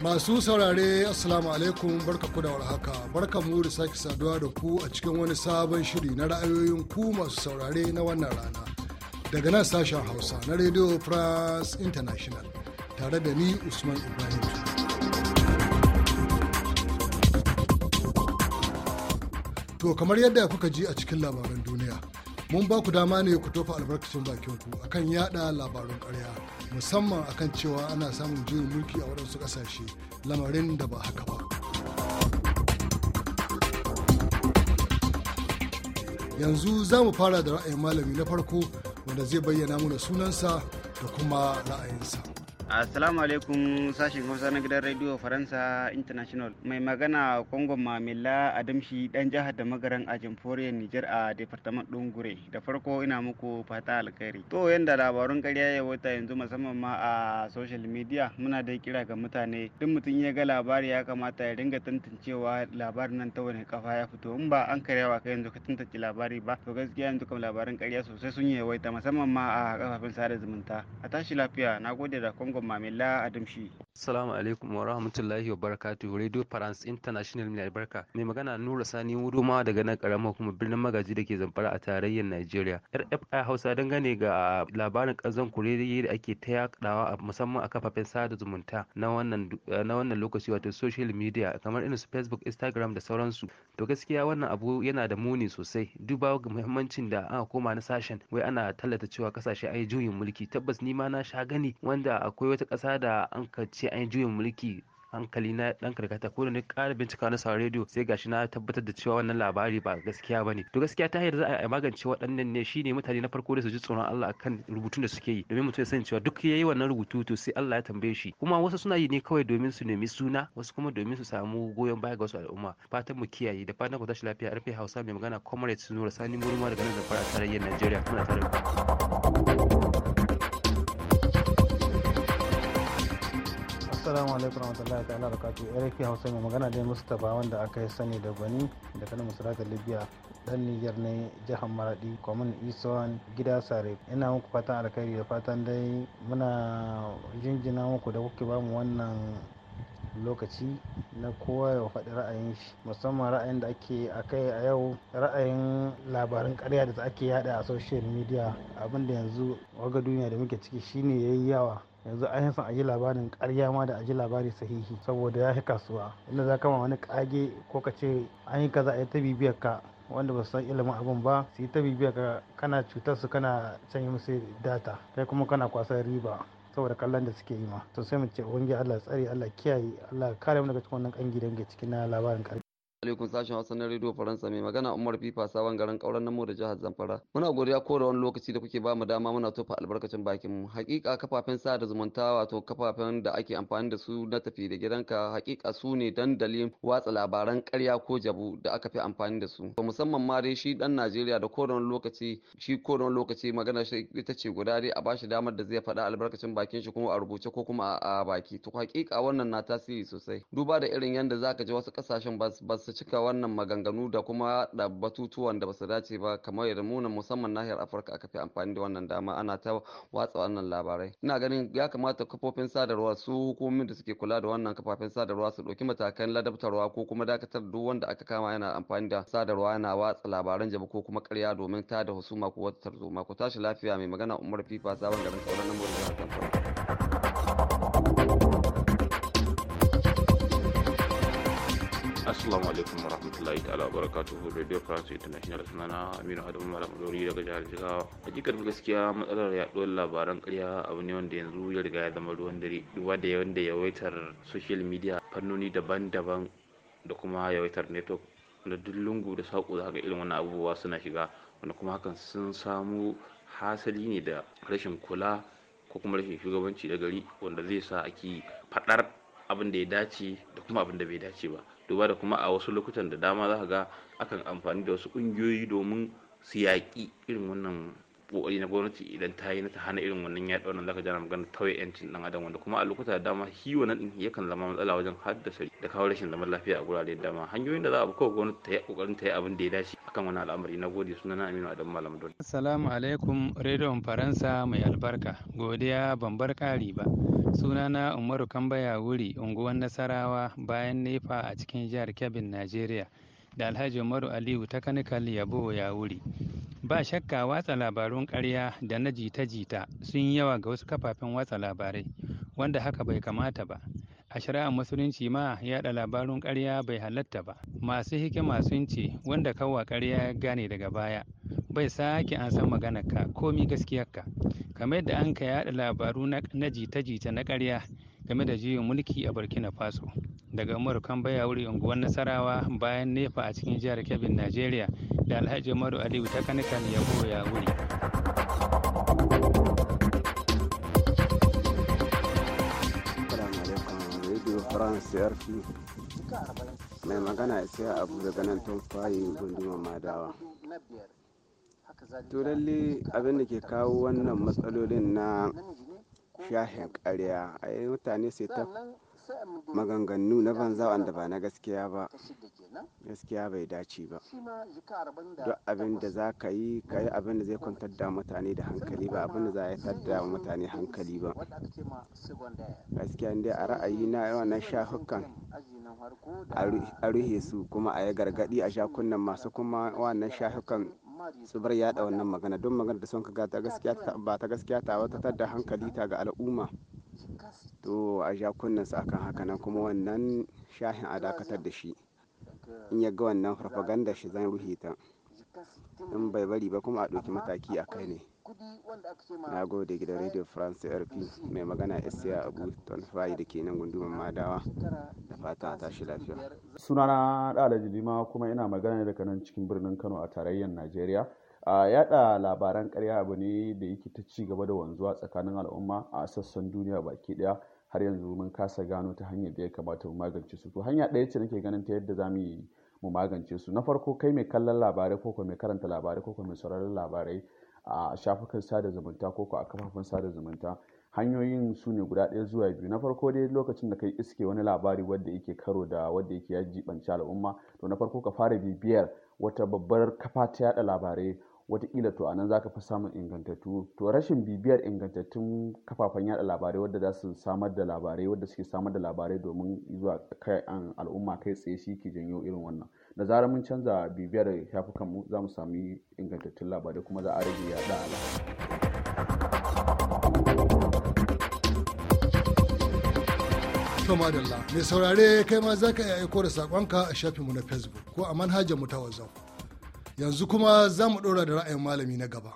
Masu saurare Assalamu alaikum barka da warhaka barka mu da sake saduwa da ku a cikin wani sabon shiri na ra'ayoyin ku masu saurare na wannan rana daga nan sashen Hausa na Radio France International tare da ni Usman Ibrahim. To kamar yadda kuka ji a cikin labaran duniya mun ba ku dama ne ku tofa albarkacin bakin ku akan yada labarun karya musamman akan cewa ana samun juyin mulki a waɗansu ƙasashe lamarin da ba haka ba yanzu za mu fara da ra'ayin malami na farko wanda zai bayyana mana sunansa da kuma ra'ayinsa Assalamu alaikum sashen Hausa na gidan Radio Faransa International. Mai magana Kongo Mamila Adamshi dan jihar da magaran a jamhuriyar Nijar a Departement ɗin Gure. Da farko ina muku fata alkhairi. To yanda labarun karya ya wata yanzu musamman ma a social media muna da kira ga mutane duk mutum ya ga labari ya kamata ya ringa tantancewa labarin nan ta wani kafa ya fito in ba an karyawa ka yanzu ka tantance labari ba to gaskiya yanzu kam labarin karya sosai sun yi yawaita musamman ma a kafafen sada zumunta. A tashi lafiya na gode da kongon zangon mamilla a damshi Assalamu alaikum wa rahmatullahi wa barakatuh. Radio France International mai albarka. Mai magana Nura Sani Wuduma daga nan karamar kuma birnin Magaji da ke Zamfara a tarayyar Najeriya. RFI Hausa dangane ga labarin ƙazon kureri da ake ta a musamman a kafafen sada zumunta na wannan lokaci wato social media kamar irin su Facebook, Instagram da sauransu. To gaskiya wannan abu yana da muni sosai. Duba ga muhimmancin da aka koma na sashen wai ana tallata cewa kasashe ai juyin mulki. Tabbas ni ma na sha gani wanda akwai wata ƙasa da an kace sai an yi juyin mulki hankali na dan karkata ko da ni ƙara bincika na sauran rediyo sai gashi na tabbatar da cewa wannan labari ba gaskiya bane to gaskiya ta hanyar za a magance waɗannan ne shine mutane na farko da su ji tsoron Allah akan rubutun da suke yi domin mutum ya sani cewa duk yayi wannan rubutu to sai Allah ya tambaye shi kuma wasu suna yi ne kawai domin su nemi suna wasu kuma domin su samu goyon baya ga wasu al'umma fatan mu kiyaye da fatan ku tashi lafiya rufe Hausa mai magana comrade Nura Sani Murma daga nan Zamfara a tarayyar Najeriya muna tare da assalamu alaikum warahmatullahi ta'ala barakatuh rfi hausa mai magana dai mustapha wanda aka yi sani da gwani da kanin musulatar libya dan niger ne jihar maradi kwamin isuwan gida sare ina muku fatan alkhairi da fatan dai muna jinjina muku da kuke bamu wannan lokaci na kowa ya faɗi ra'ayin shi musamman ra'ayin da ake a kai a yau ra'ayin labarin karya da ake yada a social media abinda yanzu waga duniya da muke ciki shine yayi yawa yanzu an san a yi labarin ƙarya ma da a ji labari sahihi saboda ya fi kasuwa inda za ma wani ƙage ko ka ce an yi kaza a yi ta bibiyar ka wanda ba su san ilimin abin ba su yi ta bibiyar ka kana cutar su kana canyi musu data kai kuma kana kwasan riba saboda kallon da suke yi ma to sai mu ce ubangiji Allah tsare Allah kiyaye Allah kare mu daga cikin wannan kangi dange cikin na labarin ƙarya alaikun sashen Hausa na rediyo Faransa mai magana Umar Fifa sabon garin kauran namu da jihar Zamfara. Muna godiya ko da wani lokaci da kuke ba mu dama muna tofa albarkacin bakin mu. Hakika kafafen da zumunta wato kafafen da ake amfani da su na tafi da gidanka hakika su ne dandalin watsa labaran karya ko jabu da aka fi amfani da su. Musamman ma dai shi dan Najeriya da ko da wani lokaci shi ko da wani lokaci magana shi ita ce guda dai a bashi damar da zai faɗa albarkacin bakin shi kuma a rubuce ko kuma a baki. To hakika wannan na tasiri sosai. Duba da irin yadda zaka ji wasu kasashen ba su cika wannan maganganu da kuma da batutuwan da basu dace ba kamar yadda munan musamman nahiyar afirka aka fi amfani da wannan dama ana ta watsa wannan labarai ina ganin ya kamata kafofin sadarwa su hukumomin da suke kula da wannan kafafen sadarwa su ɗauki matakan ladabtarwa ko kuma dakatar duk wanda aka kama yana amfani da sadarwa yana watsa labaran jabu ko kuma karya domin tada husuma ko wata tarzoma ku tashi lafiya mai magana umar fifa sabon garin sauran kamfani assalamu alaikum warahmatullahi ta'ala barakatuhu radio france international sunana aminu adamu malam dori daga jihar jigawa hakikar gaskiya matsalar yaduwar labaran karya abu ne wanda yanzu ya riga ya zama ruwan dare ruwa da yawan da yawaitar social media fannoni daban-daban da kuma yawaitar network da duk lungu da saƙo za ga irin wannan abubuwa suna shiga wanda kuma hakan sun samu hasali ne da rashin kula ko kuma rashin shugabanci da gari wanda zai sa ake faɗar abin da ya dace da kuma abin da bai dace ba duba da kuma a wasu lokutan da dama za ka ga akan amfani da wasu ƙungiyoyi domin su yaƙi irin wannan kokari na gwamnati idan ta yi ta hana irin wannan yaɗa wannan zaka jana magana tauye yancin dan adam wanda kuma a lokuta da dama shi wannan din yakan zama matsala wajen haddasa da kawo rashin zaman lafiya a gurare da dama hanyoyin da za a bi kawai gwamnati ta yi kokarin ta yi abin da ya dace akan wannan al'amari na gode suna na Aminu Adamu Malam Dole Assalamu alaikum rediyon Faransa mai albarka godiya ban bar kari ba sunana Umaru Kambaya Wuri unguwar Nasarawa bayan Nefa a cikin jihar Kebbi Najeriya da Alhaji Umaru Aliyu ta kanikal yabo ya wuri. Ba shakka watsa labarun ƙarya da na jita-jita sun yawa ga wasu kafafen watsa labarai wanda haka bai kamata ba. A shari'a musulunci ma yaɗa labarun ƙarya bai halatta ba. Masu hikima sun ce wanda kawwa ƙarya ya gane daga baya bai sake an san maganarka komi gaskiyarka. Kamar yadda an ka yaɗa labaru na jita-jita na ƙarya game da juyin mulki a Burkina Faso. daga Umaru baya wuri unguwar Nasarawa bayan Nefa a cikin jihar Kebbi Najeriya da Alhaji Umaru Aliyu ta Kanikan Yabo wuri. France mai magana ya sai abu daga nan tun fayin gunduma madawa turalli abin da ke kawo wannan matsalolin na shahin karya a mutane sai ta maganganu na banza wanda ba na gaskiya ba gaskiya bai dace ba duk abin da za ka yi ka yi abin da zai kwantar da mutane da hankali ba abin da za ya tadda mutane hankali ba gaskiya ne a ra'ayi na wannan shafukan a ruhe su kuma a yi gargadi a shakunan masu kuma wannan shafukan su bar yada wannan magana don magana da son ka gata gaskiya ba ta gaskiya ta wata da hankali ta ga al'umma to a ja kunnensa akan haka nan kuma wannan shahin a dakatar da shi in ya ga wannan propaganda shi zan ruhe ta in bai bari ba kuma a ɗauki mataki a kai ne na gode gidan radio france rp mai magana isiya abu fayi da ke nan gunduman madawa da fata a tashi lafiya sunana da jilima kuma ina magana ne daga nan cikin birnin kano a tarayyar najeriya a yada labaran karya abu ne da yake ta ci gaba da wanzuwa tsakanin al'umma a sassan duniya baki daya har yanzu mun kasa gano ta hanyar da ya kamata mu magance su to hanya daya ce nake ganin ta yadda za mu yi mu magance su na farko kai mai kallon labarai ko mai karanta labarai ko mai sauraron labarai a shafukan sada zumunta ko a kafafen sada zumunta hanyoyin su ne guda ɗaya zuwa biyu na farko dai lokacin da kai iske wani labari wadda yake karo da wadda yake ya jibanci al'umma to na farko ka fara bibiyar wata babbar kafa ta yada labarai wataƙila to anan zaka fi samun ingantattu to rashin bibiyar ingantattun kafafen yada labarai wadda za su samar da labarai wadda suke samar da labarai domin zuwa kai an al'umma kai tsaye shi ke janyo irin wannan da zarar mun canza bibiyar shafukan mu za mu sami ingantattun labarai kuma za a rage yada To madalla, mai saurare kai ma za ka iya aiko da saƙonka a shafinmu na Facebook ko a manhajar mu ta WhatsApp. yanzu kuma za mu ɗora da ra'ayin malami na gaba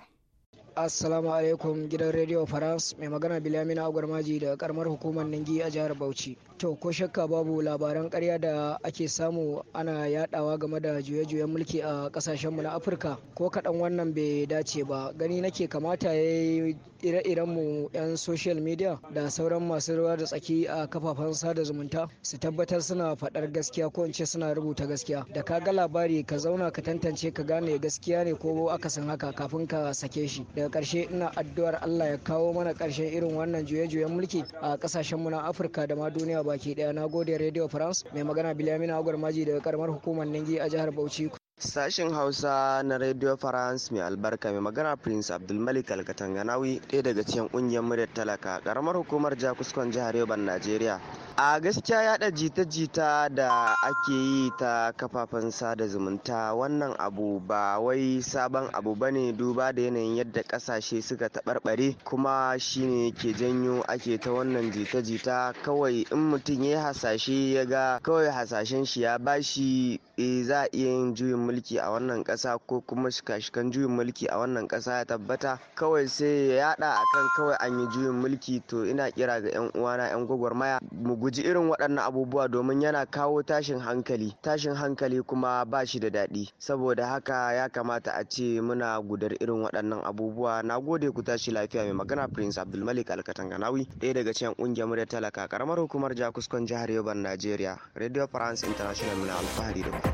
assalamu alaikum gidan radio france mai magana bilamina agwarmaji daga karamar hukumar ningi a jihar bauchi to ko shakka babu labaran karya da ake samu ana yadawa game da juye-juyen mulki a ƙasashenmu na afirka ko kaɗan wannan bai dace ba gani nake kamata ya ire-iren mu 'yan social media da sauran masu ruwa da tsaki a kafafen sada zumunta su tabbatar suna faɗar gaskiya ko in suna rubuta gaskiya da ka ga labari ka zauna ka tantance ka gane gaskiya ne ko akasin haka kafin ka sake shi daga ƙarshe ina addu'ar Allah ya kawo mana ƙarshen irin wannan juye-juyen mulki a ƙasashen mu na Afirka da ma duniya baki ɗaya na gode Radio France mai magana Bilamina Agwar Maji daga karamar hukumar Ningi a jihar Bauchi Sashen Hausa na Radio France mai albarka mai magana Prince Abdulmalik Alkatanganawi ɗaya daga cikin ƙungiyar muryar talaka ƙaramar hukumar Jakuskon jihar Yoban Najeriya. A gaskiya yaɗa jita-jita da ake yi ta kafafen sada zumunta wannan abu ba wai sabon abu bane duba da yanayin yadda ƙasashe suka taɓarɓare kuma shine ke janyo ake ta wannan jita-jita kawai in mutum ya hasashe ya ga kawai hasashen shi ya bashi Eh a iya yin juyin mulki a wannan kasa ko kuma shikashikan juyin mulki a wannan kasa ya tabbata kawai sai ya yada akan kawai an yi juyin mulki to ina kira ga yan uwana yan gwagwarmaya mu guji irin waɗannan abubuwa domin yana kawo tashin hankali tashin hankali kuma ba shi da daɗi saboda haka ya kamata a ce muna gudar irin waɗannan abubuwa na gode ku tashi lafiya mai magana prince abdulmalik alkatanganawi ɗaya daga cikin ƙungiyar murya talaka karamar hukumar jakuskon jihar yoban najeriya radio france international muna alfahari da ku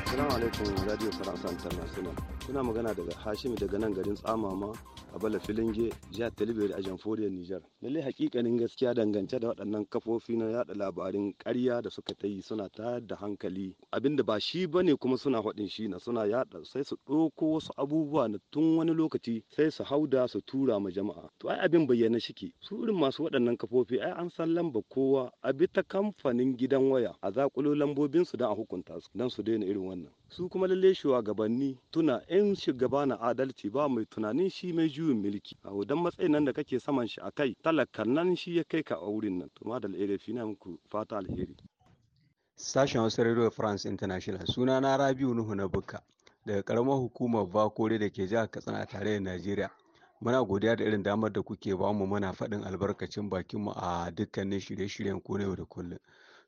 Assalamu alaikum Radio Faransa International. Kuna magana daga Hashim daga nan garin Tsamama a bala filinge jihar talibiyar a jamforiya nijar lalle hakikanin gaskiya dangance da waɗannan kafofi na yada labarin ƙarya da suka ta yi suna ta da hankali abinda ba shi ba ne kuma suna haɗin shi na suna yada sai su ɗauko wasu abubuwa na tun wani lokaci sai su hauda su tura ma jama'a to ai abin bayyana shiki, su irin masu waɗannan kafofi ai an san lamba kowa a bi ta kamfanin gidan waya a zakulo lambobinsu don a hukunta su don su daina irin wannan su kuma lalle shugabanni tuna in shugaba na adalci ba mai tunanin shi mai juyin mulki a wadan matsayin nan da kake saman shi akai talakan nan shi ya kai ka a wurin nan to madal erefi na muku fata alheri sashen wasu radio france international suna na rabiu nuhu na buka daga karamar hukumar bakore da ke jihar katsina a tarayyar najeriya muna godiya da irin damar da kuke bamu muna faɗin albarkacin bakinmu a dukkanin shirye-shiryen ko da kullum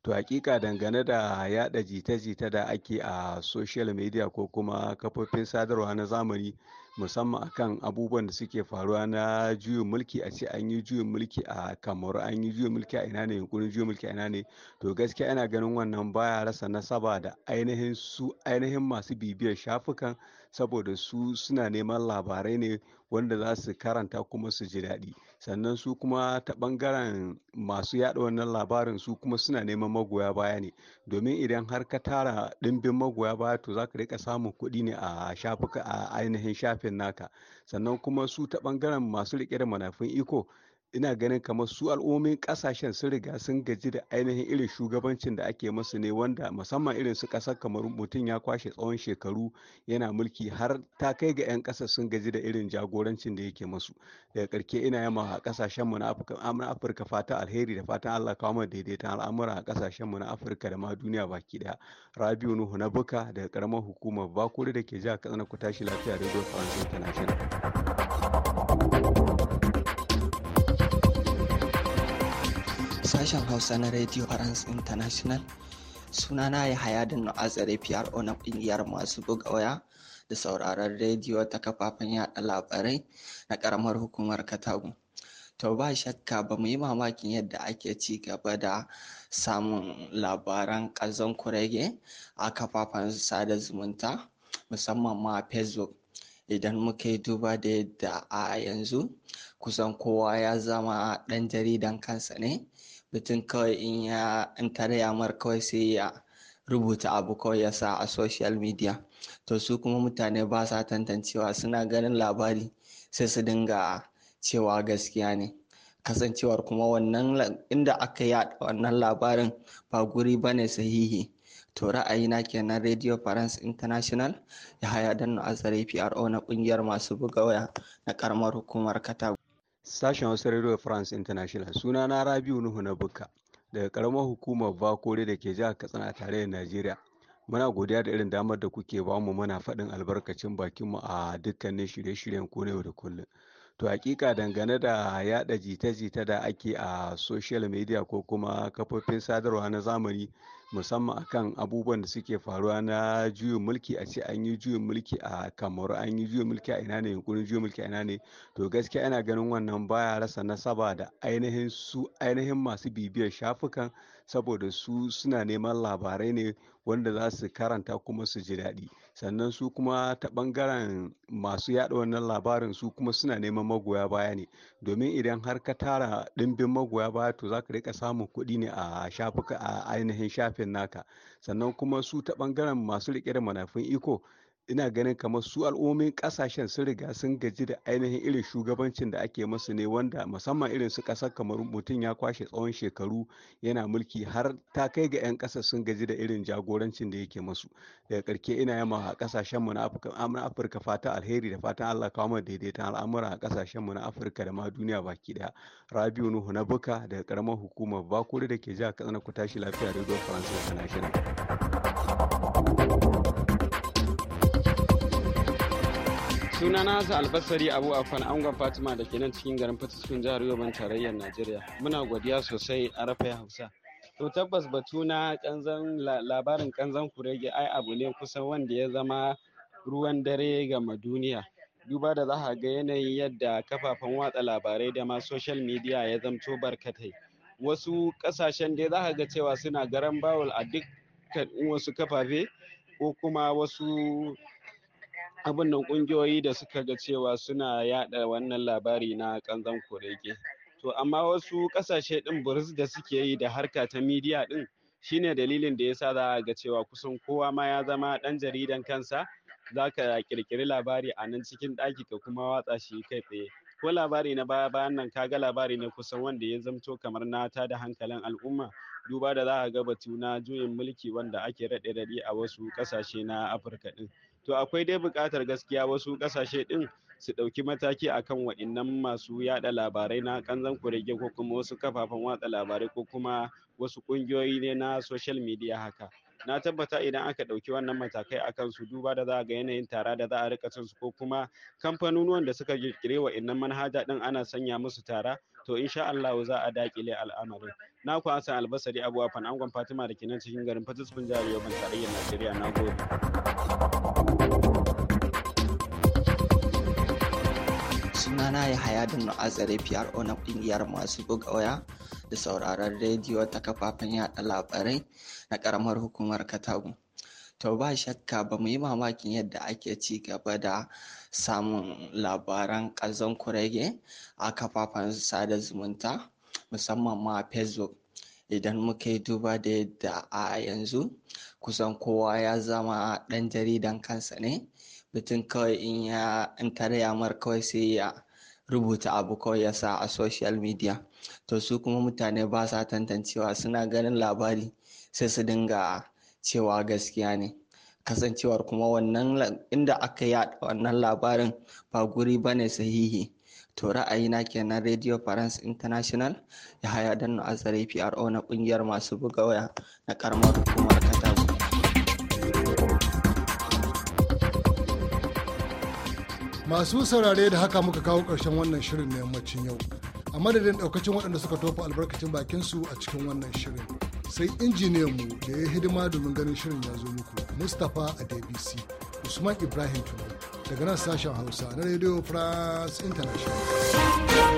To hakika dangane da yada jita-jita da ake a social media ko kuma kafofin sadarwa na zamani musamman akan abubuwan da suke faruwa na juyin mulki a ce an yi juyin mulki a kamaru an yi juyin mulki a ina ne yunkurin juyin mulki a ina ne to gaskiya ina ganin wannan baya rasa nasaba da ainihin su ainihin masu bibiyar shafukan saboda su suna neman labarai ne wanda za su karanta kuma su ji daɗi sannan su kuma ta bangaren masu yada wannan labarin su kuma suna neman magoya baya ne domin idan har ka tara dimbin magoya baya to zaka rika samun kuɗi ne a shafuka a ainihin shafin naka sannan kuma su ta bangaren masu rike da manafin iko ina ganin kamar su al'ummomin kasashen sun riga sun gaji da ainihin irin shugabancin da ake masu ne wanda musamman irin su kasar kamar mutum ya kwashe tsawon shekaru yana mulki har ta kai ga 'yan kasar sun gaji da irin jagorancin da yake masu daga karke ina yamma a kasashen mu na afirka fatan alheri da fatan allah kawo mana daidaitan al'amura a kasashen mu na afirka da ma duniya baki daya rabiu nuhu na buka daga karamar hukumar bakuri da ke jihar katsina ku tashi lafiya radio faransa international sashen Hausa na Radio France International. Sunana ya haya da na'azare PRO na kungiyar masu buga waya da sauraron rediyo ta kafafen yada labarai na karamar hukumar Katago. To ba shakka ba mu yi mamakin yadda ake ci gaba da samun labaran ƙazon kurege a kafafen sada zumunta musamman ma Facebook idan muka yi duba da yadda a yanzu kusan kowa ya zama ɗan jaridan kansa ne mutum kawai in ya in mar kawai sai ya rubuta abu kawai ya sa a social media to su kuma mutane ba sa tantancewa suna ganin labari sai su dinga cewa gaskiya ne kasancewar kuma wannan inda aka yaɗa wannan labarin ba guri ba ne sahihi To ra'ayina kenan Radio France International ya haya dan azare PRO na kungiyar masu buga waya na karamar hukumar Katago. Sashen wasu Radio France International suna na Rabiu Nuhu na Bukka daga karamar hukumar Bakore da ke jihar Katsina tare da Najeriya. Muna godiya da irin damar da kuke ba mu muna faɗin albarkacin bakinmu a dukkanin shirye-shiryen ko da kullum. To hakika dangane da yada jita-jita da ake a social media ko kuma kafofin sadarwa na zamani musamman akan abubuwan da suke faruwa na juyin mulki a ce an yi juyin mulki a kamaru an yi juyin mulki a ina ne yunkurin juyin mulki a ina ne to gaskiya ina ganin wannan baya rasa nasaba da ainihin su ainihin masu bibiyar shafukan saboda su suna neman labarai ne wanda za su karanta kuma su ji daɗi sannan su kuma ta ɓangaren masu yaɗa wannan labarin su kuma suna neman magoya baya ne domin idan har ka tara ɗimbin magoya baya to za ka rika samun kuɗi ne a shafuka a ainihin shafi littafin naka sannan kuma su ta bangaren masu rike da manafin iko ina ganin kamar su al'ummomin kasashen sun riga sun gaji da ainihin irin shugabancin da ake masu ne wanda musamman irin su kasar kamar mutum ya kwashe tsawon shekaru yana mulki har ta kai ga 'yan kasar sun gaji da irin jagorancin da yake masu daga karke ina yamma a kasashen mu na afirka fata alheri da fatan allah kawo mu daidaita al'amura a kasashen mu na afirka da ma duniya baki daya rabiu nuhu na buka daga karamar hukumar bakuri da ke jihar katsina ku tashi lafiya zuwa faransa international sunana za albasari abu afan angon fatima da ke nan cikin garin fatiskun jihar yoban tarayyar najeriya muna godiya sosai a rafai hausa to tabbas batu na kanzan labarin kanzan kurege ai abu ne kusan wanda ya zama ruwan dare ga maduniya. duba da za ga yanayin yadda kafafen watsa labarai da ma social media ya zamto barkatai wasu kasashen dai za ga cewa suna garan bawul a duk wasu kafafe ko kuma wasu abun nan ƙungiyoyi da suka ga cewa suna yaɗa wannan labari na ƙanzan kurege to amma wasu ƙasashe ɗin buris da suke yi da harka ta midiya ɗin shine dalilin da ya sa za ga cewa kusan kowa ma ya zama ɗan jaridan kansa za ka ƙirƙiri labari a nan cikin ɗaki ka kuma watsa shi kai tsaye ko labari na baya bayan nan kaga labari ne kusan wanda ya zamto kamar na ta da hankalin al'umma duba da za ga batu na juyin mulki wanda ake raɗe-raɗe a wasu ƙasashe na afirka ɗin to akwai dai buƙatar gaskiya wasu ƙasashe ɗin su ɗauki mataki akan waɗannan masu yaɗa labarai na kanzan kurege ko kuma wasu kafafen watsa labarai ko kuma wasu ƙungiyoyi ne na social media haka na tabbata idan aka ɗauki wannan matakai a kansu duba da za a ga yanayin tara da za a rika cin su ko kuma kamfanonuwan da suka kirkire wa innan manhaja din ana sanya musu tara to insha Allah za a dakile al'amarin na ku Hassan Albasari Abuwa fan angon Fatima da ke cikin garin jari yau ban tarayyar Najeriya na gode sunana ya haya da mu'azzara PRO na kungiyar masu buga waya da sauraron rediyo ta kafafen yada labarai na karamar hukumar Katagu. To ba shakka ba mu yi mamakin yadda ake ci gaba da samun labaran ƙazon kurege a kafafen sada zumunta musamman ma Facebook. Idan muka yi duba da yadda a yanzu kusan kowa ya zama ɗan jaridan kansa ne. mutum kawai in ya in mar kawai sai ya rubuta abu kawai ya sa a social media to su kuma mutane ba sa tantancewa suna ganin labari sai su dinga cewa gaskiya ne kasancewar kuma wannan inda aka yada wannan labarin ba guri ba ne sahihi to ra'ayi na kenan radio france international ya haya don azare pro na kungiyar masu buga waya na karamar hukumar masu saurare da haka muka kawo ƙarshen wannan shirin na yammacin yau a madadin ɗaukacin waɗanda suka tofa albarkacin bakin su a cikin wannan shirin sai injiniyan mu da ya hidima domin ganin shirin ya zo muku mustapha a dbc usman ibrahim tunu daga nan sashen hausa na radio france international